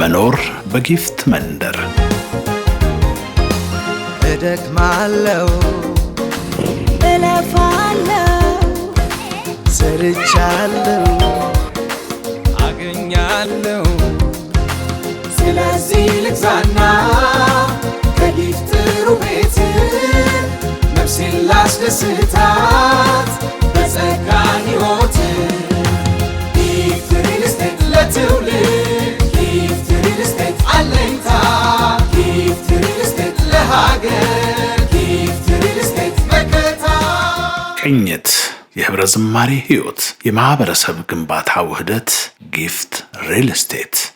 መኖር በጊፍት መንደር እደክማለው እለፋለው ሰርቻለው አገኛለው ደስታት በጸጋ ሕይወት ጊፍት ሪል ስቴት ለትውልድ ጊፍት ሪል ስቴት አለኝታ ጊፍት ሪል ስቴት ለሀገር ጊፍት ሪል ስቴት መከታ ቅኝት የህብረ ዝማሬ ሕይወት የማህበረሰብ ግንባታ ውህደት ጊፍት ሪል ስቴት